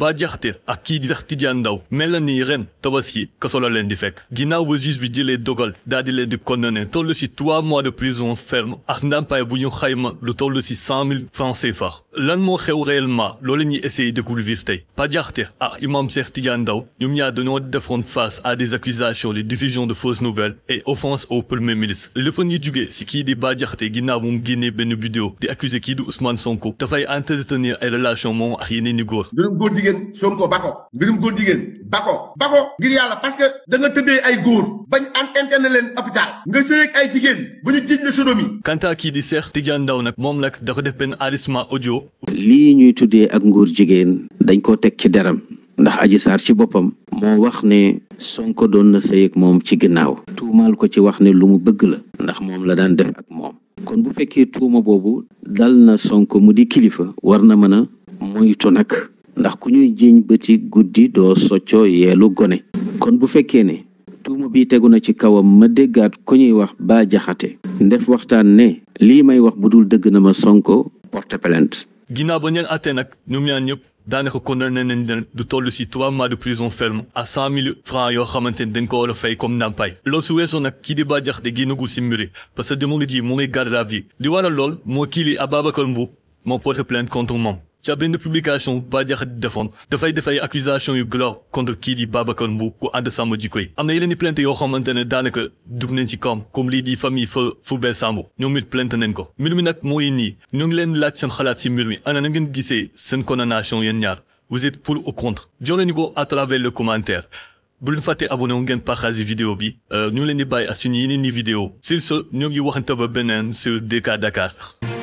bajaxte akidi sax tidiandaw melani ren tawaski koso lendi fek ginawo just vi dogol dadilé de connene taw 3 mois de prison ferme andam pay buñu khayma le taw 100 000 francs CFA lan moo xew réellement loolu la ñuy essayer de découvrir pas Padiarter ak ah, Imam Cheikh Tidiane Ndao ñoom ñaar dañoo defoon face à des accusations de diffusion de fausses nouvelles et offense au premier ministre lépp ngi jugee si kii di Badiarter ginnaaw moom génnee benn vidéo di accuser kii di Ousmane Sonko dafay entretenir ay relation moom ak yeneen i góor. mbirum góor jigéen Sonko ba ko mbirum góor jigéen bako bako ngir yàlla parce que da nga ay góor bañ an interne leen hôpital nga sëyeeg ay jigéen ba ñu jiiñ la sodomi kanta kii di seex Tidiane Ndao nag moom nag dafa def benn enregistrement audio lii ñuy tuddee ak nguur jigéen dañ koo teg ci deram ndax Adji Sarr ci boppam moo wax ne Sonko doon na sëyeeg moom ci ginnaaw tuumaal ko ci wax ne lu mu bëgg la ndax moom la daan def ak moom kon bu fekkee tuuma boobu dal na Sonko mu di kilifa war na mën a moytu nag ndax ku ñuy jiiñ socho guddi doo soccoo yeelu gone kon bu fekkee ne tuuma bi tegu na ci kawam ma déggaat ku wax baa jaxate ndef waxtaan ne lii may wax bu dul na ma sonko porte plainte ginnaaw ba ñeen àttee nag ñoom ñaan ñëpp daanaka condamné nañ leen du toll si trois mois de prison ferme à cent mille francs yoo xamante ne ko war a fay comme ndàmpaay loolu su weesoo nag kii di Bah de génnagul si mbiri parce que jamono ji mu ngi garde la vie li waral lool moo kii li Ababacar porte plainte contre moom ci ben de benn publication ba jaxat di defoon dafay def ay accusation yu grave contre kii di Babacar Mboup ku ànd sàmm jikko yi am na yeneen plainte yoo xamante ne daanaka dugg nañ ci kawam comme li di famille fa Fulbert Sambou ñoom it plainte nañ ko mbir mi nag ni, nii ñoo ngi leen laaj seen xalaat si mbir mi ana na ngeen gisee seen condamnation yéen ñaar vous êtes pour ou contre jox leen ko à travers le commentaire bu leen fàtte abonné wu pa partage vidéo bi euh, ñu ngi leen di bàyyi ak ni vidéo sur ce ñoo ngi waxante ba beneen sur Dakar. Dakar